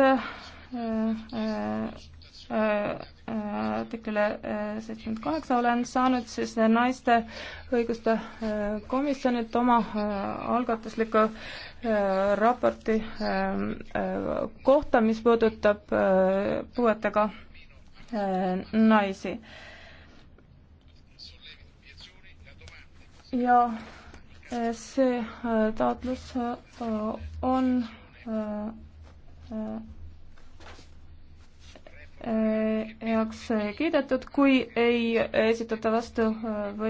Äh, äh, äh, artiklile seitsekümmend kaheksa olen saanud siis naiste õiguste komisjonilt oma algatusliku raporti kohta, mis puudutab puuetega naisi. ja see taotlus on Äh, äh, heaks kiidetud, kui ei esitata vastu äh, või